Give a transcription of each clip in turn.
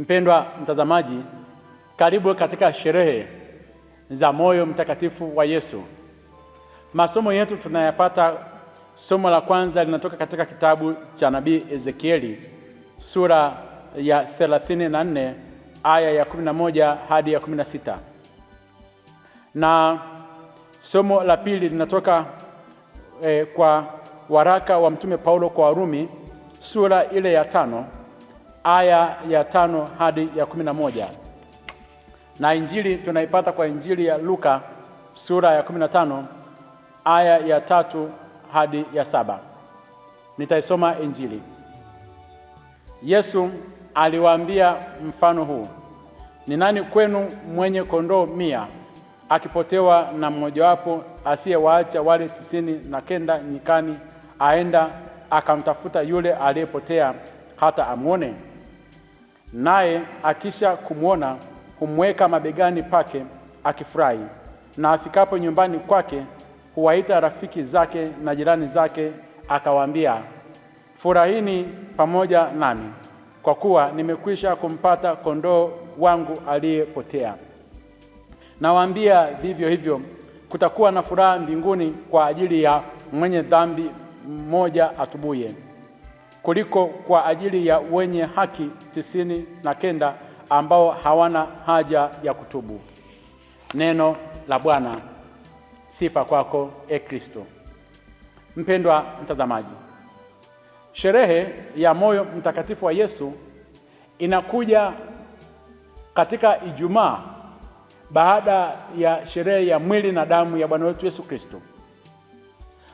Mpendwa mtazamaji, karibu katika sherehe za moyo mtakatifu wa Yesu. Masomo yetu tunayapata, somo la kwanza linatoka katika kitabu cha nabii Ezekieli sura ya 34 aya ya 11 hadi ya 16, na somo la pili linatoka eh, kwa waraka wa mtume Paulo kwa Warumi sura ile ya tano aya ya tano hadi ya kumi na moja na injili tunaipata kwa injili ya Luka sura ya 15 aya ya tatu hadi ya saba. Nitaisoma injili. Yesu aliwaambia mfano huu: ni nani kwenu mwenye kondoo mia akipotewa na mmojawapo, asiyewaacha wale tisini na kenda nyikani, aenda akamtafuta yule aliyepotea hata amwone? naye akisha kumwona humweka mabegani pake akifurahi, na afikapo nyumbani kwake huwaita rafiki zake na jirani zake, akawaambia, furahini pamoja nami, kwa kuwa nimekwisha kumpata kondoo wangu aliyepotea. Nawaambia vivyo hivyo, kutakuwa na furaha mbinguni kwa ajili ya mwenye dhambi mmoja atubuye kuliko kwa ajili ya wenye haki tisini na kenda ambao hawana haja ya kutubu. Neno la Bwana. Sifa kwako e Kristo. Mpendwa mtazamaji, sherehe ya moyo mtakatifu wa Yesu inakuja katika Ijumaa baada ya sherehe ya mwili na damu ya Bwana wetu Yesu Kristo.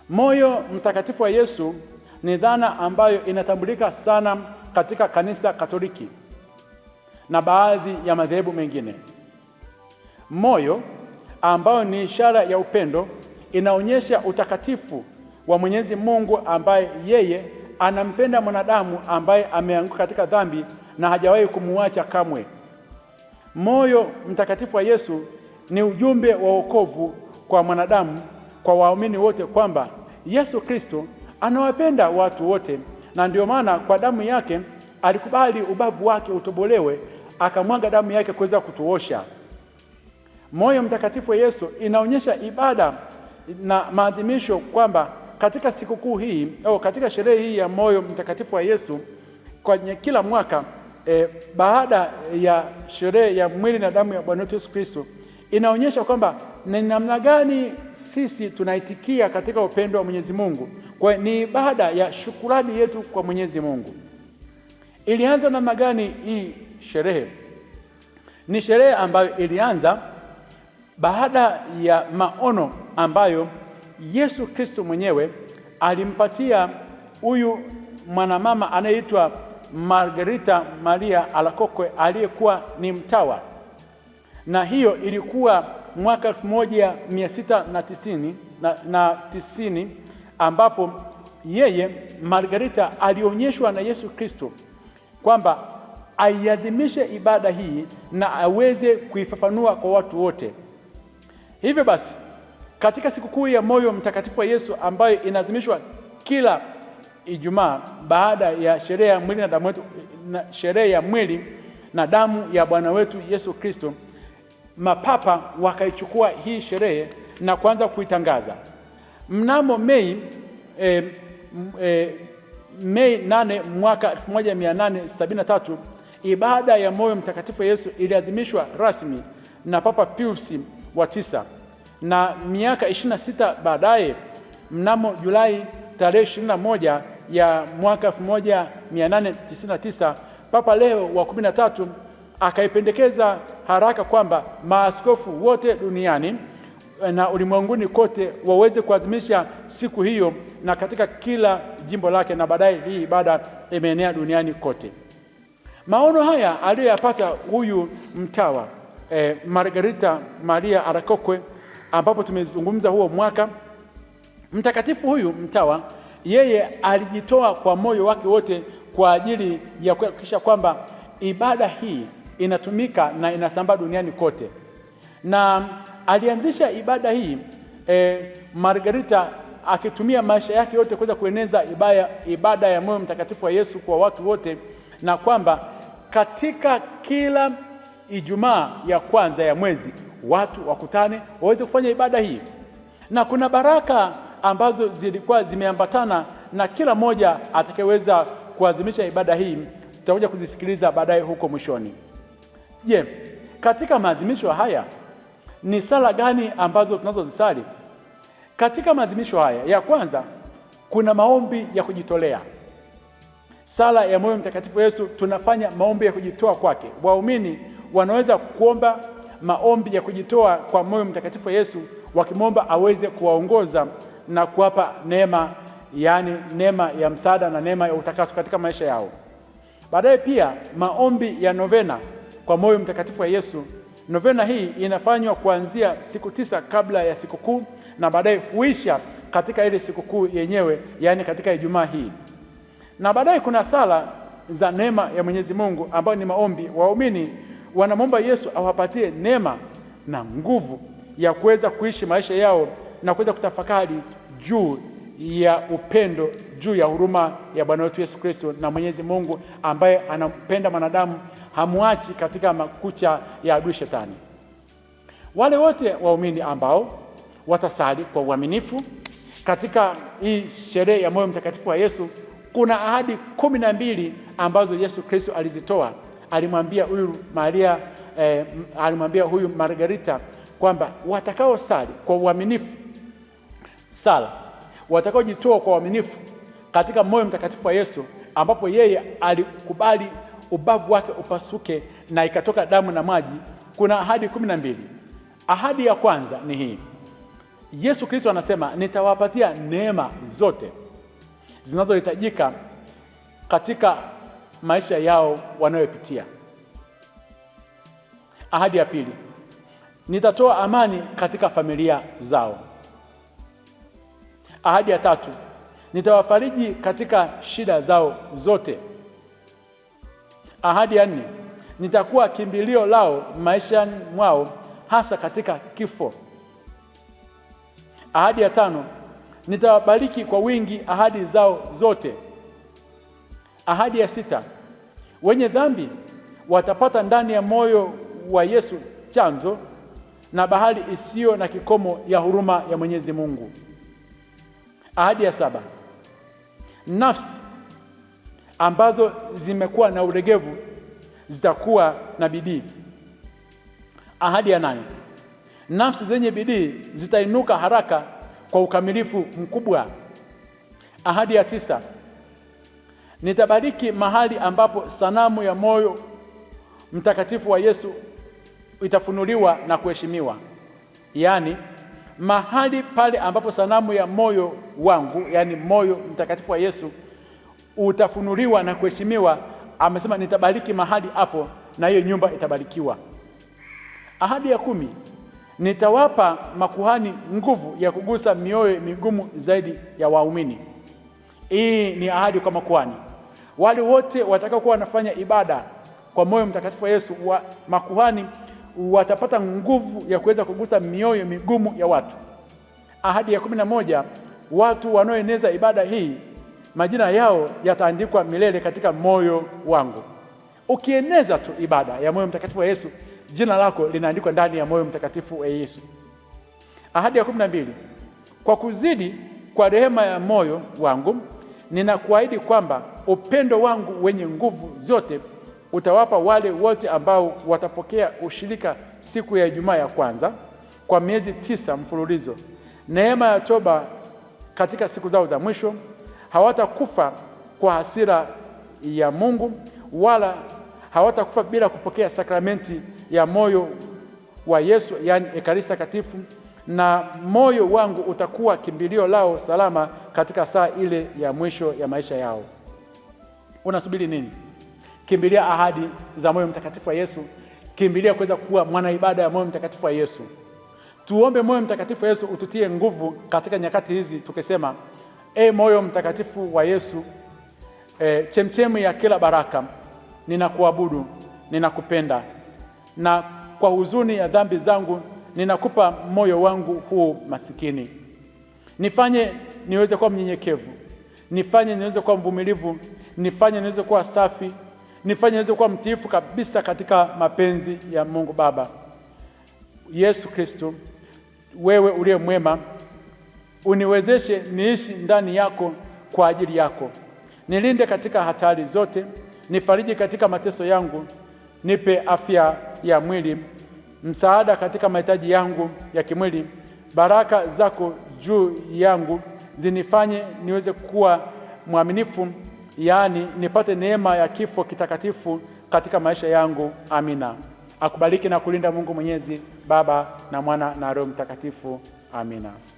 Moyo mtakatifu wa Yesu ni dhana ambayo inatambulika sana katika kanisa Katoliki na baadhi ya madhehebu mengine. Moyo ambayo ni ishara ya upendo inaonyesha utakatifu wa Mwenyezi Mungu ambaye yeye anampenda mwanadamu ambaye ameanguka katika dhambi na hajawahi kumuacha kamwe. Moyo mtakatifu wa Yesu ni ujumbe wa wokovu kwa mwanadamu, kwa waumini wote kwamba Yesu Kristo Anawapenda watu wote, na ndio maana kwa damu yake alikubali ubavu wake utobolewe, akamwaga damu yake kuweza kutuosha. Moyo mtakatifu wa Yesu inaonyesha ibada na maadhimisho kwamba katika sikukuu hii au katika sherehe hii ya moyo mtakatifu wa Yesu kwenye kila mwaka e, baada ya sherehe ya mwili na damu ya Bwana wetu Yesu Kristo inaonyesha kwamba ni namna gani sisi tunaitikia katika upendo wa Mwenyezi Mungu. Kwa ni ibada ya shukurani yetu kwa Mwenyezi Mungu. Ilianza namna gani hii sherehe? Ni sherehe ambayo ilianza baada ya maono ambayo Yesu Kristo mwenyewe alimpatia huyu mwanamama anayeitwa Margarita Maria alakokwe aliyekuwa ni mtawa, na hiyo ilikuwa mwaka elfu moja mia sita na tisini na, na tisini ambapo yeye Margarita alionyeshwa na Yesu Kristo kwamba aiadhimishe ibada hii na aweze kuifafanua kwa watu wote. Hivyo basi, katika sikukuu ya moyo mtakatifu wa Yesu ambayo inaadhimishwa kila Ijumaa baada ya sherehe ya mwili na damu wetu, na sherehe ya mwili na damu ya Bwana wetu Yesu Kristo, mapapa wakaichukua hii sherehe na kuanza kuitangaza. Mnamo Mei e, e, Mei 8 mwaka 1873 ibada ya moyo mtakatifu Yesu iliadhimishwa rasmi na Papa Pius wa tisa, na miaka 26 baadaye mnamo Julai tarehe 21 ya mwaka 1899 Papa Leo wa 13 akaipendekeza haraka kwamba maaskofu wote duniani Eh, na ulimwenguni kote waweze kuadhimisha siku hiyo na katika kila jimbo lake, na baadaye hii ibada imeenea duniani kote. Maono haya aliyoyapata huyu mtawa eh, Margarita Maria Arakokwe, ambapo tumezungumza huo mwaka mtakatifu. Huyu mtawa yeye alijitoa kwa moyo wake wote kwa ajili ya kuhakikisha kwamba ibada hii inatumika na inasambaa duniani kote na alianzisha ibada hii e, Margarita akitumia maisha yake yote kuweza kueneza ibada, ibada ya moyo mtakatifu wa Yesu kwa watu wote, na kwamba katika kila Ijumaa ya kwanza ya mwezi watu wakutane waweze kufanya ibada hii, na kuna baraka ambazo zilikuwa zimeambatana na kila mmoja atakayeweza kuadhimisha ibada hii. Tutakuja kuzisikiliza baadaye huko mwishoni. Je, katika maadhimisho haya ni sala gani ambazo tunazozisali katika maadhimisho haya? Ya kwanza kuna maombi ya kujitolea. Sala ya moyo mtakatifu Yesu tunafanya maombi ya kujitoa kwake. Waumini wanaweza kuomba maombi ya kujitoa kwa moyo mtakatifu Yesu, wakimwomba aweze kuwaongoza na kuwapa neema, yaani neema ya msaada na neema ya utakaso katika maisha yao. Baadaye pia maombi ya novena kwa moyo mtakatifu wa Yesu Novena hii inafanywa kuanzia siku tisa kabla ya sikukuu na baadaye huisha katika ile sikukuu yenyewe, yaani katika Ijumaa hii, na baadaye kuna sala za neema ya Mwenyezi Mungu ambayo ni maombi. Waumini wanamwomba Yesu awapatie neema na nguvu ya kuweza kuishi maisha yao na kuweza kutafakari juu ya upendo juu ya huruma ya Bwana wetu Yesu Kristo na Mwenyezi Mungu ambaye anampenda mwanadamu, hamwachi katika makucha ya adui Shetani. Wale wote waumini ambao watasali kwa uaminifu katika hii sherehe ya moyo mtakatifu wa Yesu, kuna ahadi kumi na mbili ambazo Yesu Kristo alizitoa. Alimwambia huyu Maria eh, alimwambia huyu Margarita kwamba watakaosali kwa uaminifu sala, watakaojitoa kwa uaminifu katika moyo mtakatifu wa Yesu, ambapo yeye alikubali ubavu wake upasuke na ikatoka damu na maji. Kuna ahadi kumi na mbili. Ahadi ya kwanza ni hii: Yesu Kristo anasema nitawapatia neema zote zinazohitajika katika maisha yao wanayopitia. Ahadi ya pili, nitatoa amani katika familia zao. Ahadi ya tatu nitawafariji katika shida zao zote. Ahadi ya nne, nitakuwa kimbilio lao maisha mwao, hasa katika kifo. Ahadi ya tano, nitawabariki kwa wingi ahadi zao zote. Ahadi ya sita, wenye dhambi watapata ndani ya moyo wa Yesu chanzo na bahari isiyo na kikomo ya huruma ya Mwenyezi Mungu. Ahadi ya saba nafsi ambazo zimekuwa na ulegevu zitakuwa na bidii. Ahadi ya nane, nafsi zenye bidii zitainuka haraka kwa ukamilifu mkubwa. Ahadi ya tisa, nitabariki mahali ambapo sanamu ya moyo mtakatifu wa Yesu itafunuliwa na kuheshimiwa, yaani mahali pale ambapo sanamu ya moyo wangu, yaani moyo mtakatifu wa Yesu utafunuliwa na kuheshimiwa, amesema nitabariki mahali hapo na hiyo nyumba itabarikiwa. Ahadi ya kumi, nitawapa makuhani nguvu ya kugusa mioyo migumu zaidi ya waumini. Hii ni ahadi kwa makuhani. Wale wote watakaokuwa wanafanya ibada kwa moyo mtakatifu wa Yesu wa makuhani watapata nguvu ya kuweza kugusa mioyo migumu ya watu. Ahadi ya kumi na moja, watu wanaoeneza ibada hii majina yao yataandikwa milele katika moyo wangu. Ukieneza tu ibada ya moyo mtakatifu wa Yesu, jina lako linaandikwa ndani ya moyo mtakatifu wa Yesu. Ahadi ya kumi na mbili, kwa kuzidi kwa rehema ya moyo wangu ninakuahidi kwamba upendo wangu wenye nguvu zote utawapa wale wote ambao watapokea ushirika siku ya Ijumaa ya kwanza kwa miezi tisa mfululizo, neema ya toba katika siku zao za mwisho. Hawatakufa kwa hasira ya Mungu, wala hawatakufa bila kupokea sakramenti ya moyo wa Yesu, yaani Ekaristi Takatifu, na moyo wangu utakuwa kimbilio lao salama katika saa ile ya mwisho ya maisha yao. Unasubiri nini? Kimbilia ahadi za moyo mtakatifu wa Yesu. Kimbilia kuweza kuwa mwanaibada ya moyo mtakatifu wa Yesu. Tuombe moyo mtakatifu wa Yesu ututie nguvu katika nyakati hizi, tukisema e, moyo mtakatifu wa Yesu, e, chemchemi ya kila baraka, ninakuabudu, ninakupenda na kwa huzuni ya dhambi zangu ninakupa moyo wangu huu masikini. Nifanye niweze kuwa mnyenyekevu, nifanye niweze kuwa mvumilivu, nifanye niweze kuwa safi nifanye niweze kuwa mtiifu kabisa katika mapenzi ya Mungu Baba. Yesu Kristo, wewe uliye mwema, uniwezeshe niishi ndani yako kwa ajili yako, nilinde katika hatari zote, nifariji katika mateso yangu, nipe afya ya mwili, msaada katika mahitaji yangu ya kimwili. Baraka zako juu yangu zinifanye niweze kuwa mwaminifu yaani nipate neema ya kifo kitakatifu katika maisha yangu. Amina. Akubariki na kulinda Mungu Mwenyezi, Baba na Mwana na Roho Mtakatifu. Amina.